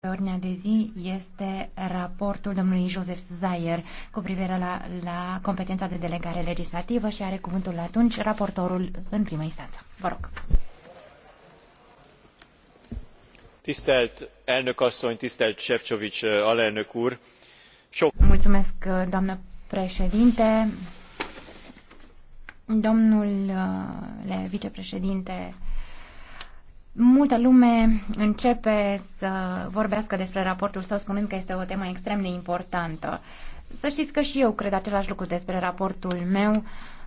Pe ordinea de zi este raportul domnului Joseph Zayer cu privire la, la competența de delegare legislativă și are cuvântul atunci raportorul în prima instanță. Vă rog. Tisztelt elnök asszony, tisztelt Sefcovic uh, alelnök úr. Sok... Mulțumesc, uh, doamnă președinte. Domnule vicepreședinte Multă lume începe să vorbească despre raportul său spunând că este o temă extrem de importantă. Să știți că și eu cred același lucru despre raportul meu,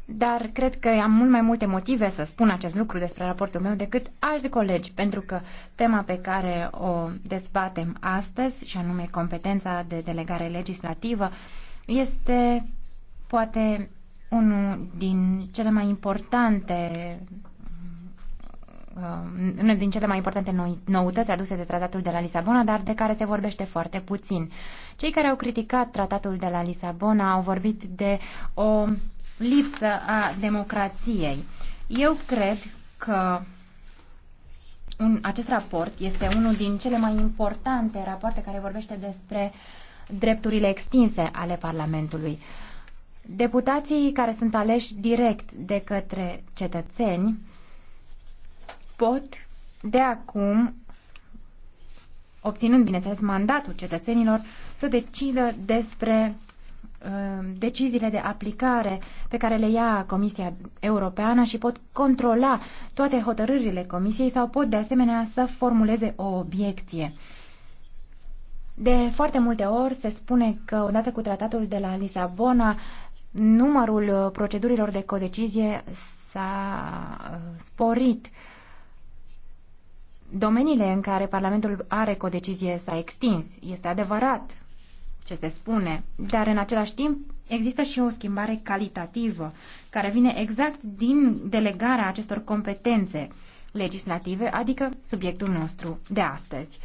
dar cred că am mult mai multe motive să spun acest lucru despre raportul meu decât alți colegi, pentru că tema pe care o dezbatem astăzi, și anume competența de delegare legislativă, este poate unul din cele mai importante Um, unul din cele mai importante noutăți aduse de tratatul de la Lisabona, dar de care se vorbește foarte puțin. Cei care au criticat tratatul de la Lisabona au vorbit de o lipsă a democrației. Eu cred că un, acest raport este unul din cele mai importante rapoarte care vorbește despre drepturile extinse ale Parlamentului. Deputații care sunt aleși direct de către cetățeni pot de acum, obținând, bineînțeles, mandatul cetățenilor, să decidă despre uh, deciziile de aplicare pe care le ia Comisia Europeană și pot controla toate hotărârile Comisiei sau pot de asemenea să formuleze o obiecție. De foarte multe ori se spune că odată cu tratatul de la Lisabona, numărul procedurilor de codecizie s-a uh, sporit domeniile în care Parlamentul are codecizie s-a extins. Este adevărat ce se spune, dar în același timp există și o schimbare calitativă care vine exact din delegarea acestor competențe legislative, adică subiectul nostru de astăzi.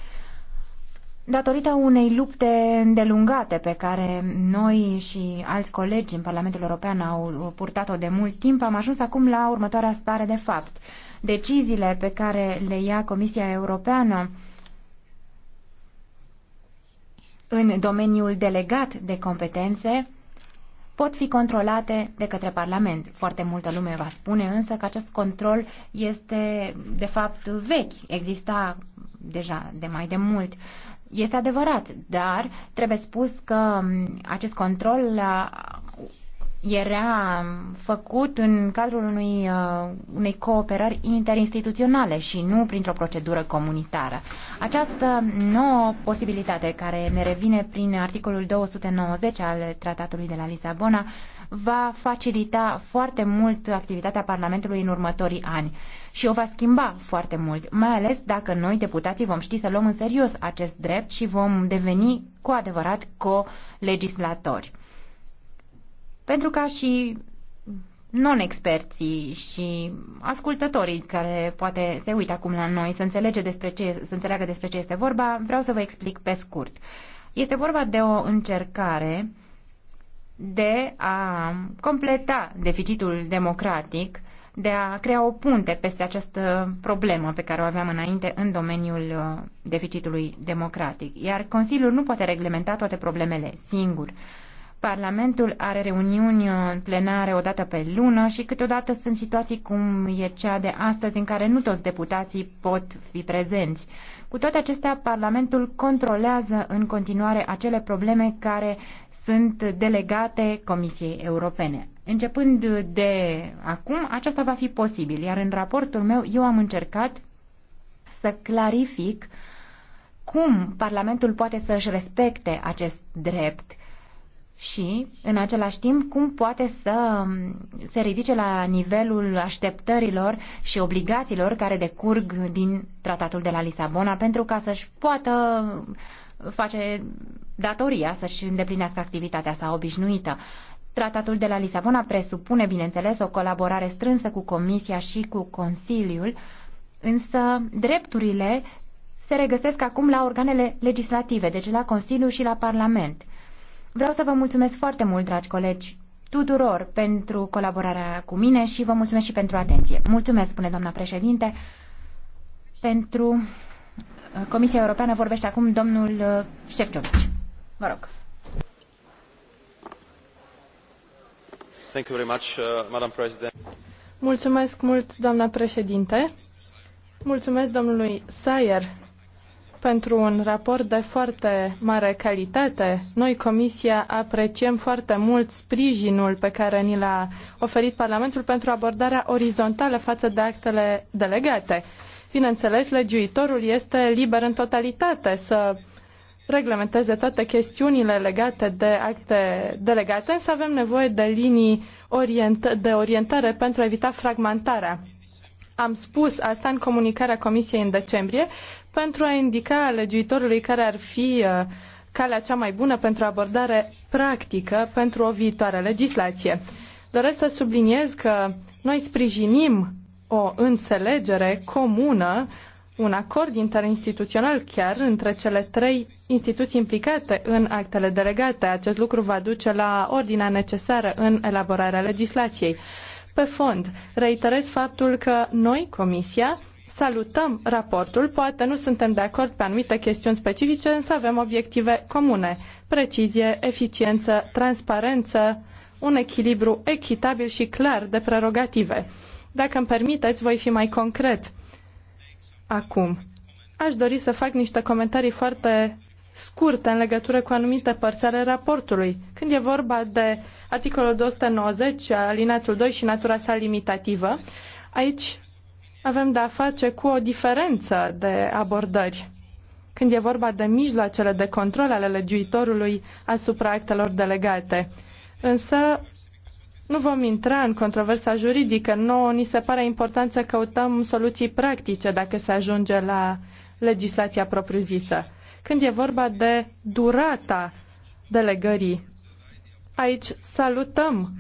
Datorită unei lupte îndelungate pe care noi și alți colegi în Parlamentul European au purtat-o de mult timp, am ajuns acum la următoarea stare de fapt deciziile pe care le ia Comisia Europeană în domeniul delegat de competențe pot fi controlate de către Parlament. Foarte multă lume va spune însă că acest control este de fapt vechi, exista deja de mai de mult. Este adevărat, dar trebuie spus că mm, acest control a era făcut în cadrul unui, uh, unei cooperări interinstituționale și nu printr-o procedură comunitară. Această nouă posibilitate care ne revine prin articolul 290 al Tratatului de la Lisabona va facilita foarte mult activitatea Parlamentului în următorii ani și o va schimba foarte mult, mai ales dacă noi, deputații, vom ști să luăm în serios acest drept și vom deveni cu adevărat co-legislatori pentru ca și non-experții și ascultătorii care poate se uită acum la noi să, înțelege despre ce, să înțeleagă despre ce este vorba, vreau să vă explic pe scurt. Este vorba de o încercare de a completa deficitul democratic, de a crea o punte peste această problemă pe care o aveam înainte în domeniul uh, deficitului democratic. Iar Consiliul nu poate reglementa toate problemele singur. Parlamentul are reuniuni plenare o dată pe lună și câteodată sunt situații cum e cea de astăzi în care nu toți deputații pot fi prezenți. Cu toate acestea, Parlamentul controlează în continuare acele probleme care sunt delegate Comisiei Europene. Începând de acum, aceasta va fi posibil, iar în raportul meu eu am încercat să clarific cum Parlamentul poate să-și respecte acest drept și, în același timp, cum poate să mm, se ridice la nivelul așteptărilor și obligațiilor care decurg din tratatul de la Lisabona pentru ca să-și poată face datoria să-și îndeplinească activitatea sa obișnuită. Tratatul de la Lisabona presupune, bineînțeles, o colaborare strânsă cu Comisia și cu Consiliul, însă drepturile se regăsesc acum la organele legislative, deci la Consiliu și la Parlament – Vreau să vă mulțumesc foarte mult, dragi colegi, tuturor pentru colaborarea cu mine și vă mulțumesc și pentru atenție. Mulțumesc, spune doamna președinte, pentru uh, Comisia Europeană vorbește acum domnul uh, Șefciovici. Vă rog. Thank you very much, uh, Madam President. Mulțumesc mult, doamna președinte. Mulțumesc domnului Sayer pentru un raport de foarte mare calitate. Noi, Comisia, apreciem foarte mult sprijinul pe care ni l-a oferit Parlamentul pentru abordarea orizontală față de actele delegate. Bineînțeles, legiuitorul este liber în totalitate să reglementeze toate chestiunile legate de acte delegate, însă avem nevoie de linii orient de orientare pentru a evita fragmentarea. Am spus asta în comunicarea Comisiei în decembrie, pentru a indica legiuitorului care ar fi uh, calea cea mai bună pentru abordare practică pentru o viitoare legislație. Doresc să subliniez că noi sprijinim o înțelegere comună, un acord interinstituțional chiar între cele trei instituții implicate în actele delegate. Acest lucru va duce la ordinea necesară în elaborarea legislației. Pe fond, reiterez faptul că noi, Comisia, salutăm raportul, poate nu suntem de acord pe anumite chestiuni specifice, însă avem obiective comune. Precizie, eficiență, transparență, un echilibru echitabil și clar de prerogative. Dacă îmi permiteți, voi fi mai concret. Acum, aș dori să fac niște comentarii foarte scurte în legătură cu anumite părți ale raportului. Când e vorba de articolul 290, alineatul 2 și natura sa limitativă, aici avem de-a face cu o diferență de abordări când e vorba de mijloacele de control ale legiuitorului asupra actelor delegate. Însă nu vom intra în controversa juridică. Nouă ni se pare important să căutăm soluții practice dacă se ajunge la legislația propriu-zisă. Când e vorba de durata delegării, aici salutăm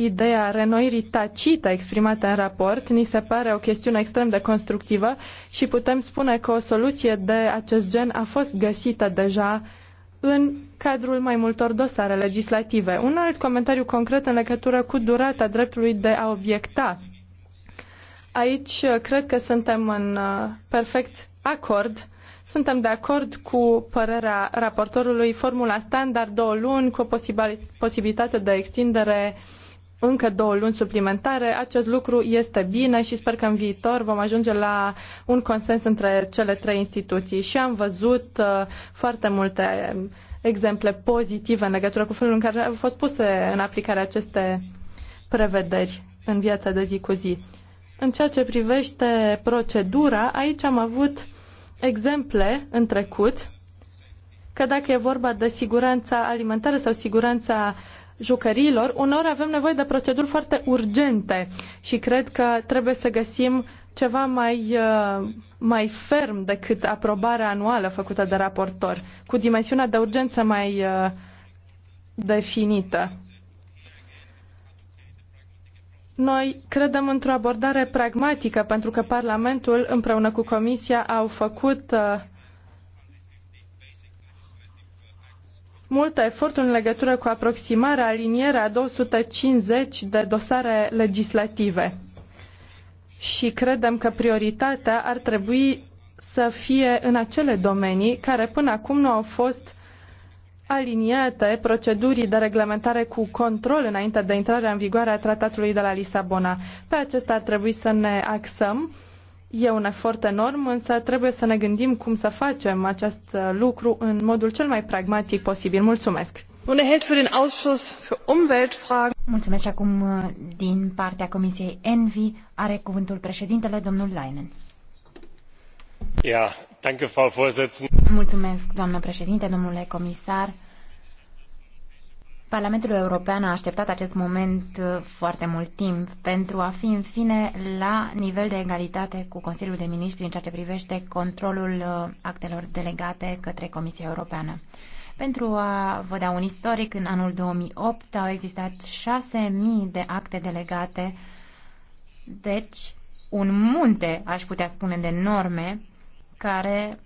ideea renoirii tacită exprimată în raport ni se pare o chestiune extrem de constructivă și putem spune că o soluție de acest gen a fost găsită deja în cadrul mai multor dosare legislative. Un alt comentariu concret în legătură cu durata dreptului de a obiecta. Aici uh, cred că suntem în uh, perfect acord suntem de acord cu părerea raportorului formula standard două luni cu o posibilitate de extindere uh, încă două luni suplimentare. Acest lucru este bine și sper că în viitor vom ajunge la un consens între cele trei instituții. Și am văzut uh, foarte multe exemple pozitive în legătură cu felul în care au fost puse în aplicare aceste prevederi în viața de zi cu zi. În ceea ce privește procedura, aici am avut exemple în trecut că dacă e vorba de siguranța alimentară sau siguranța uh, jucăriilor, uneori avem nevoie de proceduri foarte urgente și cred că trebuie să găsim ceva mai, uh, mai ferm decât aprobarea anuală făcută de raportor, cu dimensiunea de urgență mai uh, definită. Noi credem într-o abordare pragmatică pentru că Parlamentul împreună cu Comisia au făcut uh, mult efort în legătură cu aproximarea, alinierea a 250 de dosare legislative. Și credem că prioritatea ar trebui să fie în acele domenii care până acum nu au fost aliniate procedurii de reglementare cu control înainte de intrarea în vigoare a tratatului de la Lisabona. Pe acesta ar trebui să ne axăm E un efort enorm, însă trebuie să ne gândim cum să facem acest lucru în modul cel mai pragmatic posibil. Mulțumesc! Er Mulțumesc acum uh, din partea Comisiei Envi. Are cuvântul președintele, domnul Leinen. Yeah, Mulțumesc, doamnă președinte, domnule comisar. Parlamentul European a așteptat acest moment uh, foarte mult timp pentru a fi în fine la nivel de egalitate cu Consiliul de Ministri în ceea ce privește controlul uh, actelor delegate către Comisia Europeană. Pentru a vă da un istoric, în anul 2008 au existat 6.000 de acte delegate, deci un munte, aș putea spune, de norme care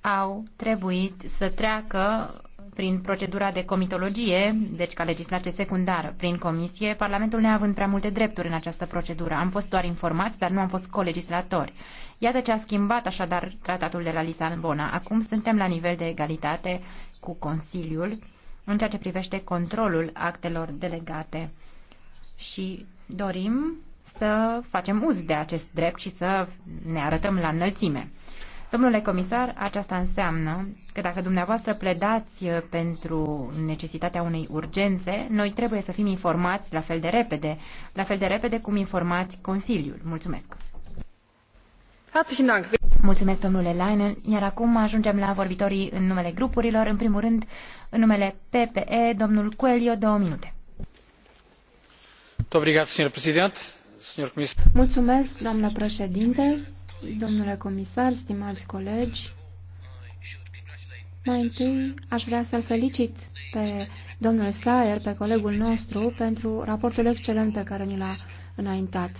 au trebuit să treacă prin procedura de comitologie, deci ca legislație secundară prin comisie, Parlamentul neavând prea multe drepturi în această procedură. Am fost doar informați, dar nu am fost colegislatori. Iată ce a schimbat așadar tratatul de la Lisabona. Acum suntem la nivel de egalitate cu Consiliul în ceea ce privește controlul actelor delegate și dorim să facem uz de acest drept și să ne arătăm la înălțime. Domnule comisar, aceasta înseamnă că dacă dumneavoastră pledați uh, pentru necesitatea unei urgențe, noi trebuie să fim informați la fel de repede, la fel de repede cum informați Consiliul. Mulțumesc! Mulțumesc, domnule Leinen. Iar acum ajungem la vorbitorii în numele grupurilor. În primul rând, în numele PPE, domnul Coelio, două minute. Mulțumesc, doamnă președinte. Domnule comisar, stimați colegi, mai întâi aș vrea să-l felicit pe domnul Saer, pe colegul nostru, pentru raportul excelent pe care ni l-a înaintat.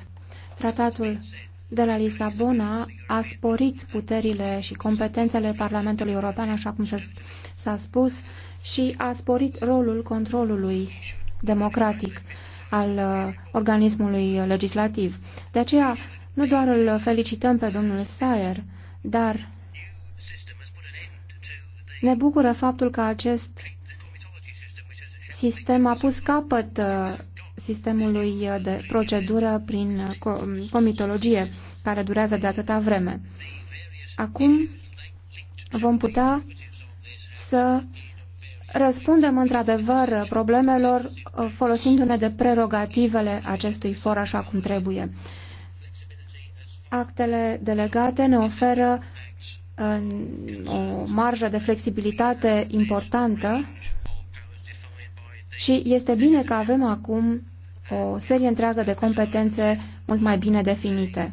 Tratatul de la Lisabona a sporit puterile și competențele Parlamentului European, așa cum s-a spus, și a sporit rolul controlului democratic al uh, organismului legislativ. De aceea, nu doar îl felicităm pe domnul Sayer, dar ne bucură faptul că acest sistem a pus capăt uh, sistemului uh, de procedură prin uh, um, comitologie, care durează de atâta vreme. Acum vom putea să răspundem într-adevăr problemelor folosindu-ne de prerogativele acestui for așa cum trebuie. Actele delegate ne oferă o marjă de flexibilitate importantă și este bine că avem acum o serie întreagă de competențe mult mai bine definite.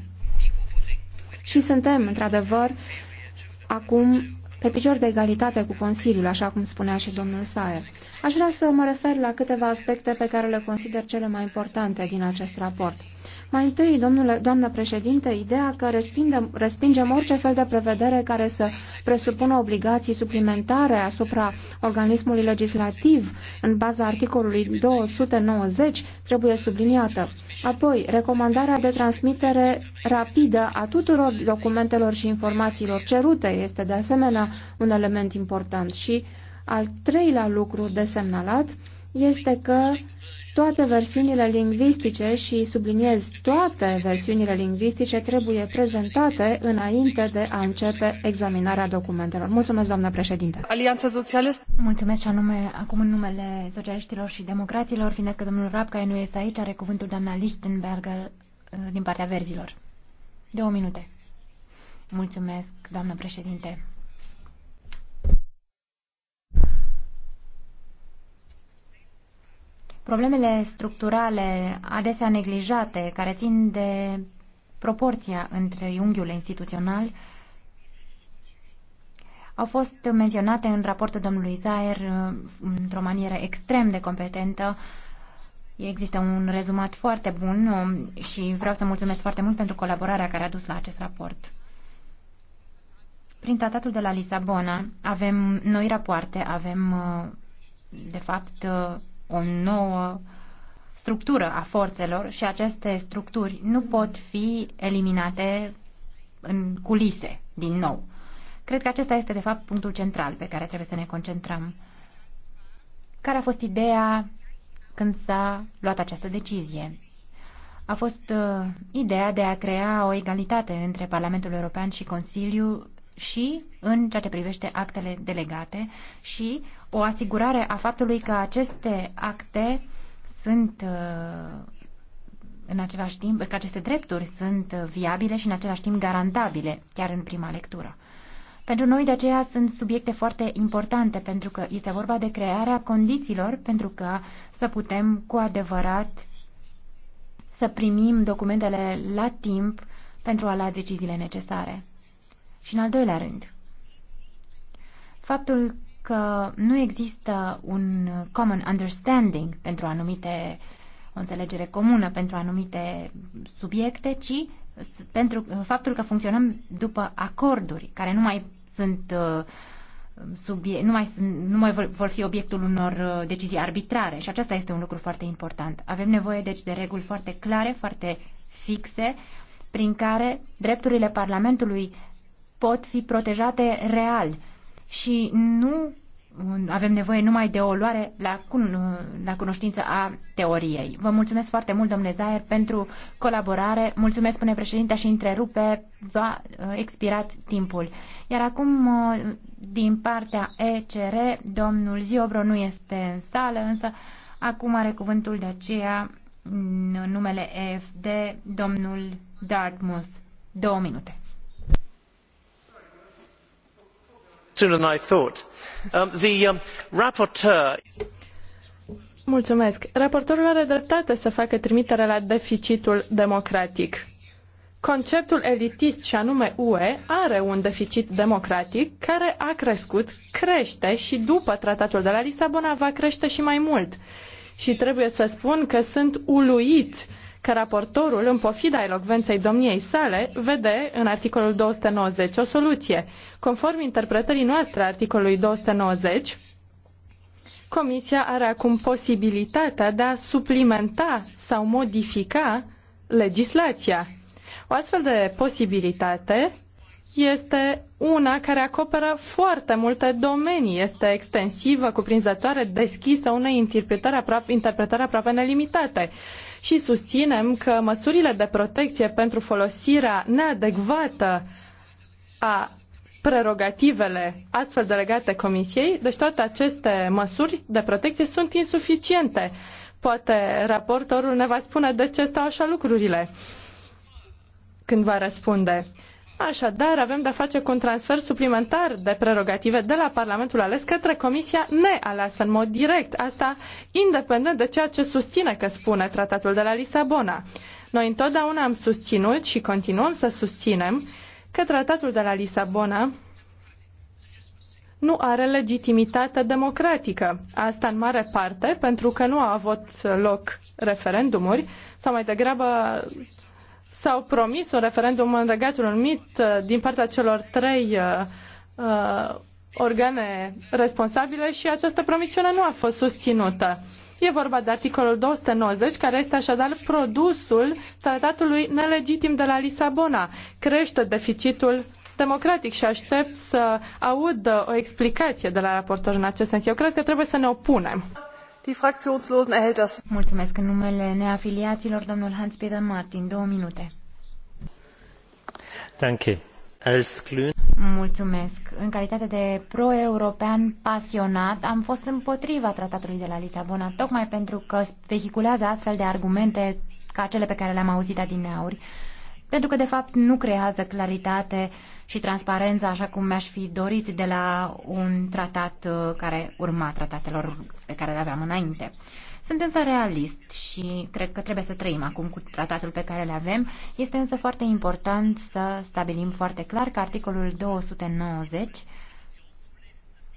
Și suntem, într-adevăr, acum pe picior de egalitate cu Consiliul, așa cum spunea și domnul Saer. Aș vrea să mă refer la câteva aspecte pe care le consider cele mai importante din acest raport. Mai întâi, domnule, doamnă președinte, ideea că respindem, respingem orice fel de prevedere care să presupună obligații suplimentare asupra organismului legislativ în baza articolului 290 trebuie subliniată. Apoi, recomandarea de transmitere rapidă a tuturor documentelor și informațiilor cerute este de asemenea un element important. Și al treilea lucru de semnalat este că toate versiunile lingvistice și subliniez toate versiunile lingvistice trebuie prezentate înainte de a începe examinarea documentelor. Mulțumesc, doamnă președinte. Alianța Socialist. Mulțumesc și anume acum în numele socialiștilor și democraților, fiindcă că domnul Rapca nu este aici, are cuvântul doamna Lichtenberger uh, din partea verzilor. Două minute. Mulțumesc, doamnă președinte. Problemele structurale, adesea neglijate, care țin de proporția între unghiul instituțional, au fost menționate în raportul domnului Zaer uh, într-o manieră extrem de competentă. Există un rezumat foarte bun um, și vreau să mulțumesc foarte mult pentru colaborarea care a dus la acest raport. Prin tratatul de la Lisabona avem noi rapoarte, avem uh, de fapt uh, o nouă structură a forțelor și aceste structuri nu pot fi eliminate în culise din nou. Cred că acesta este, de fapt, punctul central pe care trebuie să ne concentrăm. Care a fost ideea când s-a luat această decizie? A fost uh, ideea de a crea o egalitate între Parlamentul European și Consiliu și în ceea ce privește actele delegate și o asigurare a faptului că aceste acte sunt uh, în același timp, că aceste drepturi sunt viabile și în același timp garantabile, chiar în prima lectură. Pentru noi, de aceea, sunt subiecte foarte importante, pentru că este vorba de crearea condițiilor pentru ca să putem cu adevărat să primim documentele la timp pentru a lua deciziile necesare. Și în al doilea rând, faptul că nu există un common understanding pentru anumite, o înțelegere comună pentru anumite subiecte, ci pentru faptul că funcționăm după acorduri care nu mai sunt uh, Subie, nu, mai, nu mai vor, vor fi obiectul unor uh, decizii arbitrare și acesta este un lucru foarte important. Avem nevoie deci de reguli foarte clare, foarte fixe, prin care drepturile Parlamentului pot fi protejate real și nu avem nevoie numai de o luare la, cun, la cunoștință a teoriei. Vă mulțumesc foarte mult, domnule Zaer, pentru colaborare. Mulțumesc, spune președinte, și întrerupe, va uh, expirat timpul. Iar acum, uh, din partea ECR, domnul Ziobro nu este în sală, însă acum are cuvântul de aceea în numele EFD, domnul Dartmouth. Două minute. sooner than I thought. Um, the um, rapporteur. Mulțumesc. Raportorul are dreptate să facă trimitere la deficitul democratic. Conceptul elitist și anume UE are un deficit democratic care a crescut, crește și după tratatul de la Lisabona va crește și mai mult. Și trebuie să spun că sunt uluit că raportorul, în pofida elocvenței domniei sale, vede în articolul 290 o soluție. Conform interpretării noastre a articolului 290, Comisia are acum posibilitatea de a suplimenta sau modifica legislația. O astfel de posibilitate este una care acoperă foarte multe domenii, este extensivă, cuprinzătoare, deschisă unei interpretări aproape, interpretări aproape nelimitate și susținem că măsurile de protecție pentru folosirea neadecvată a prerogativele astfel delegate Comisiei, deci toate aceste măsuri de protecție sunt insuficiente. Poate raportorul ne va spune de ce stau așa lucrurile când va răspunde. Așadar, avem de-a face cu un transfer suplimentar de prerogative de la Parlamentul ales către Comisia nealeasă în mod direct, asta independent de ceea ce susține că spune Tratatul de la Lisabona. Noi întotdeauna am susținut și continuăm să susținem că Tratatul de la Lisabona nu are legitimitate democratică. Asta în mare parte pentru că nu a avut loc referendumuri sau mai degrabă s-au promis un referendum în Regatul Unit uh, din partea celor trei uh, uh, organe responsabile și această promisiune nu a fost susținută. E vorba de articolul 290, care este așadar produsul tratatului nelegitim de la Lisabona. Crește deficitul democratic și aștept să aud o explicație de la raportor în acest sens. Eu cred că trebuie să ne opunem. Mulțumesc în numele neafiliaților, domnul Hans-Peter Martin, două minute. Danke. Als Grün... Mulțumesc. În calitate de pro-european pasionat, am fost împotriva tratatului de la Lisabona, tocmai pentru că vehiculează astfel de argumente ca cele pe care le-am auzit adineauri. auri pentru că, de fapt, nu creează claritate și transparență așa cum mi-aș fi dorit de la un tratat uh, care urma tratatelor pe care le aveam înainte. Sunt însă realist și cred că trebuie să trăim acum cu tratatul pe care le avem. Este însă foarte important să stabilim foarte clar că articolul 290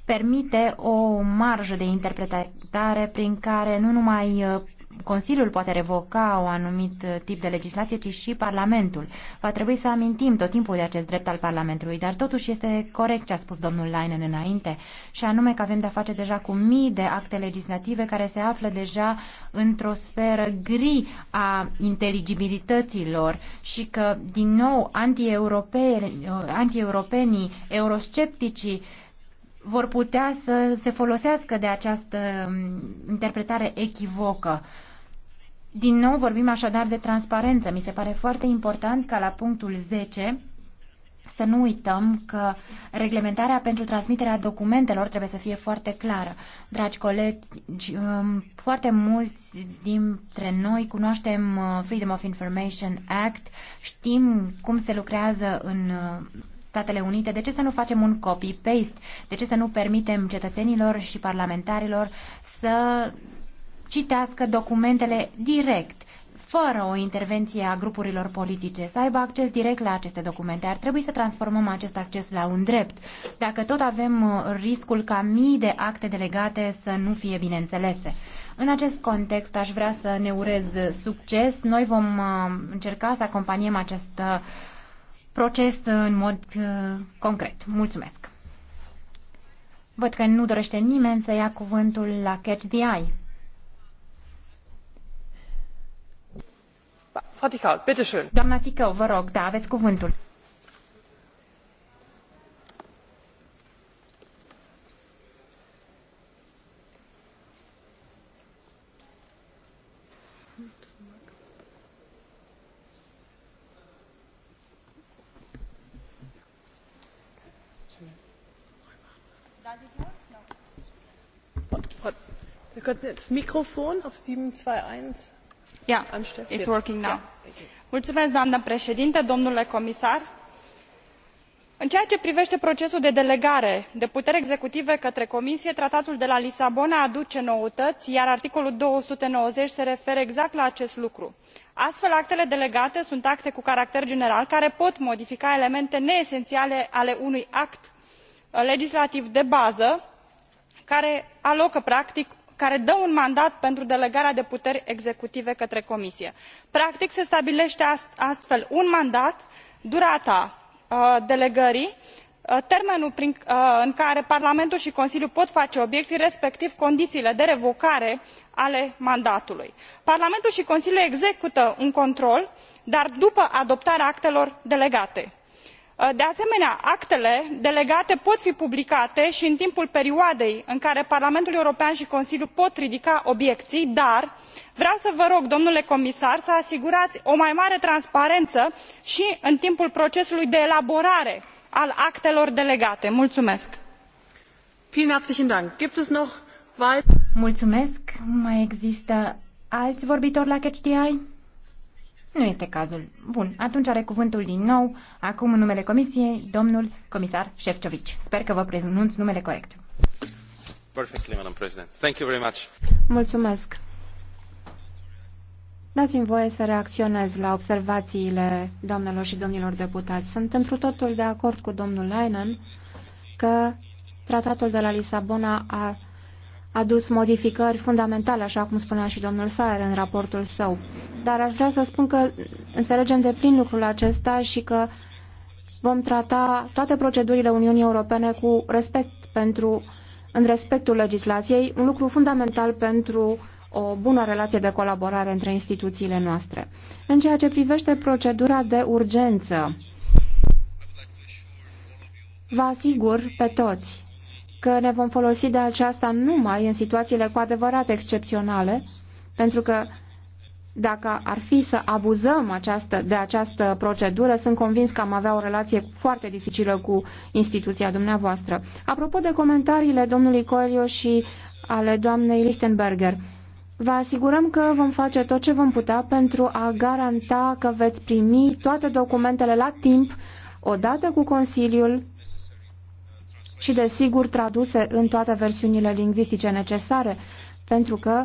permite o marjă de interpretare prin care nu numai uh, Consiliul poate revoca o anumit tip de legislație, ci și Parlamentul. Va trebui să amintim tot timpul de acest drept al Parlamentului, dar totuși este corect ce a spus domnul Leinen înainte, și anume că avem de-a face deja cu mii de acte legislative care se află deja într-o sferă gri a inteligibilităților și că, din nou, anti-europenii, anti vor putea să se folosească de această um, interpretare echivocă. Din nou vorbim așadar de transparență. Mi se pare foarte important ca la punctul 10 să nu uităm că reglementarea pentru transmiterea documentelor trebuie să fie foarte clară. Dragi colegi, um, foarte mulți dintre noi cunoaștem uh, Freedom of Information Act, știm cum se lucrează în uh, Statele Unite, de ce să nu facem un copy-paste? De ce să nu permitem cetățenilor și parlamentarilor să citească documentele direct? fără o intervenție a grupurilor politice, să aibă acces direct la aceste documente. Ar trebui să transformăm acest acces la un drept, dacă tot avem uh, riscul ca mii de acte delegate să nu fie bineînțelese. În acest context aș vrea să ne urez succes. Noi vom uh, încerca să acompaniem această uh, proces uh, în mod uh, concret. Mulțumesc! Văd că nu dorește nimeni să ia cuvântul la Catch the Eye. Doamna Ticău, vă rog, da, aveți cuvântul. în ceea ce privete procesul de delegare de puteri executive către comisie tratatul de la lisabona aduce noutăi iar articolul două sute nouăzeci se referă exact la acest lucru. astfel actele delegate sunt acte cu caracter general care pot modifica elemente neeseniale ale unui act uh, legislativ de bază care alocă practic care dă un mandat pentru delegarea de puteri executive către comisie. practic se stabilete astfel un mandat durata uh, delegării uh, termenul uh, în care parlamentul i consiliul pot face obiecii respectiv condiiile de revocare ale mandatului. parlamentul i consiliul execută un control dar după adoptarea actelor delegate. Uh, de asemenea actele delegate pot fi publicate i în timpul perioadei în care parlamentul european i consiliul pot ridica obiecii dar vreau să vă rog domnule comisar să asigurai o mai mare transparenă i în timpul procesului de elaborare a actelor delegate. mai la nu este cazul. Bun, atunci are cuvântul din nou, acum în numele Comisiei, domnul comisar Șefcovici. Sper că vă prezunți numele corect. Perfectly, Madam President. Thank you very much. Mulțumesc. Dați-mi voie să reacționez la observațiile doamnelor și domnilor deputați. Sunt întru totul de acord cu domnul Leinen că tratatul de la Lisabona a adus modificări fundamentale, așa cum spunea și domnul Saer în raportul său. Dar aș vrea să spun că înțelegem de plin lucrul acesta și că vom trata toate procedurile Uniunii Europene cu respect pentru, în respectul legislației, un lucru fundamental pentru o bună relație de colaborare între instituțiile noastre. În ceea ce privește procedura de urgență, vă asigur pe toți că ne vom folosi de aceasta numai în situațiile cu adevărat excepționale, pentru că dacă ar fi să abuzăm această, de această procedură, sunt convins că am avea o relație foarte dificilă cu instituția dumneavoastră. Apropo de comentariile domnului Coelho și ale doamnei Lichtenberger, vă asigurăm că vom face tot ce vom putea pentru a garanta că veți primi toate documentele la timp, odată cu Consiliul și, desigur, traduse în toate versiunile lingvistice necesare, pentru că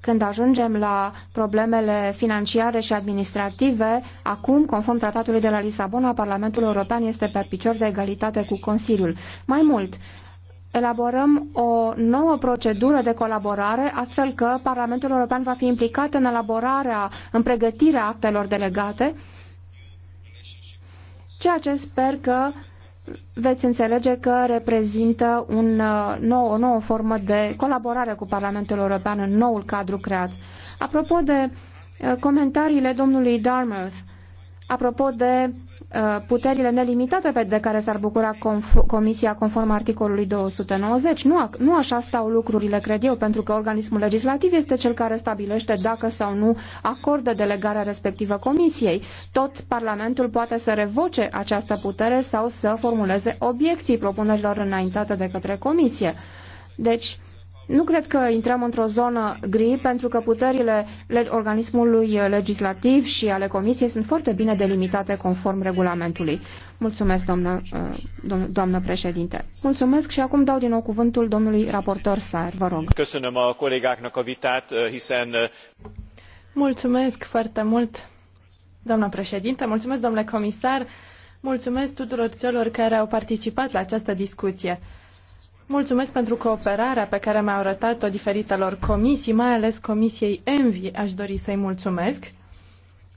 când ajungem la problemele financiare și administrative, acum, conform tratatului de la Lisabona, Parlamentul European este pe picior de egalitate cu Consiliul. Mai mult, elaborăm o nouă procedură de colaborare, astfel că Parlamentul European va fi implicat în elaborarea, în pregătirea actelor delegate, ceea ce sper că veți înțelege că reprezintă un uh, nou, o nouă formă de colaborare cu Parlamentul European în noul cadru creat. Apropo de uh, comentariile domnului Dartmouth, apropo de Uh, puterile nelimitate de care s-ar bucura conf Comisia conform articolului 290. Nu, a, nu așa stau lucrurile, cred eu, pentru că organismul legislativ este cel care stabilește dacă sau nu acordă delegarea respectivă Comisiei. Tot Parlamentul poate să revoce această putere sau să formuleze obiecții propunerilor înaintate de către Comisie. Deci, nu cred că intrăm într-o zonă gri, pentru că puterile organismului legislativ și ale comisiei sunt foarte bine delimitate conform regulamentului. Mulțumesc, doamnă, uh, doamnă președinte. Mulțumesc și acum dau din nou cuvântul domnului raportor Saer, vă rog. Uh, uh, mulțumesc foarte mult, doamnă președinte, mulțumesc, domnule comisar, mulțumesc tuturor celor care au participat la această discuție. Mulțumesc pentru cooperarea pe care mi-au arătat-o diferitelor comisii, mai ales Comisiei Envi. Aș dori să-i mulțumesc.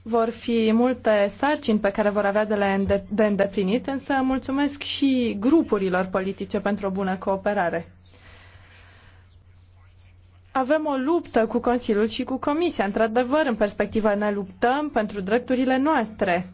Vor fi multe sarcini pe care vor avea de, le înde- de îndeplinit, însă mulțumesc și grupurilor politice pentru o bună cooperare. Avem o luptă cu Consiliul și cu Comisia. Într-adevăr, în perspectivă, ne luptăm pentru drepturile noastre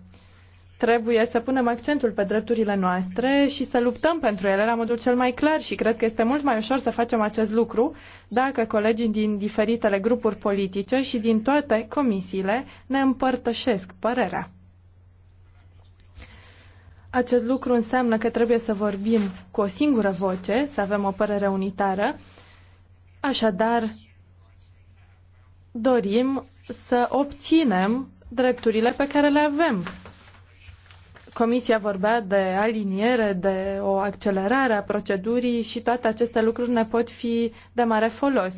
trebuie să punem accentul pe drepturile noastre și să luptăm pentru ele la modul cel mai clar și cred că este mult mai ușor să facem acest lucru dacă colegii din diferitele grupuri politice și din toate comisiile ne împărtășesc părerea. Acest lucru înseamnă că trebuie să vorbim cu o singură voce, să avem o părere unitară. Așadar, dorim să obținem drepturile pe care le avem Comisia vorbea de aliniere, de o accelerare a procedurii și toate aceste lucruri ne pot fi de mare folos.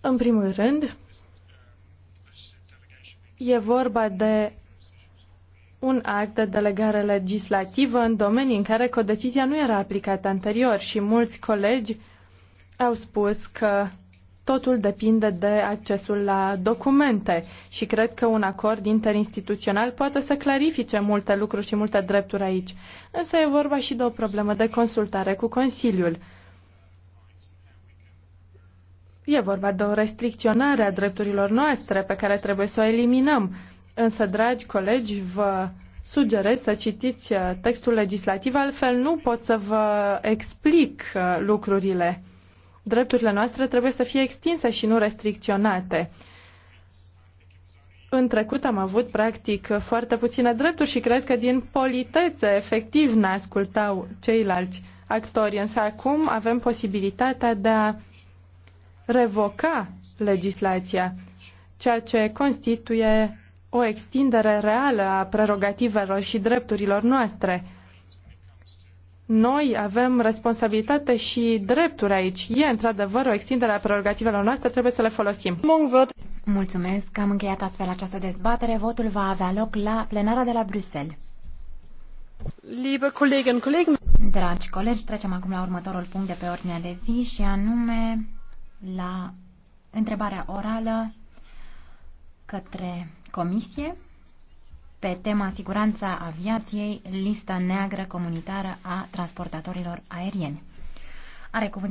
În primul rând, e vorba de un act de delegare legislativă în domenii în care codecizia nu era aplicată anterior și mulți colegi au spus că Totul depinde de accesul la documente și cred că un acord interinstituțional poate să clarifice multe lucruri și multe drepturi aici. Însă e vorba și de o problemă de consultare cu Consiliul. E vorba de o restricționare a drepturilor noastre pe care trebuie să o eliminăm. Însă, dragi colegi, vă sugerez să citiți uh, textul legislativ, altfel nu pot să vă explic uh, lucrurile drepturile noastre trebuie să fie extinse și nu restricționate. În trecut am avut practic foarte puține drepturi și cred că din politețe efectiv ne ascultau ceilalți actori, însă acum avem posibilitatea de a revoca legislația, ceea ce constituie o extindere reală a prerogativelor și drepturilor noastre. Noi avem responsabilitate și drepturi aici. E într-adevăr o extindere a prerogativelor noastre, trebuie să le folosim. Mulțumesc că am încheiat astfel această dezbatere. Votul va avea loc la plenara de la Bruxelles. Liebe Kolleginnen Kollegen. Dragi colegi, trecem acum la următorul punct de pe ordinea de zi și anume la întrebarea orală către comisie pe tema siguranța aviației, lista neagră comunitară a transportatorilor aerieni. Are cuvântul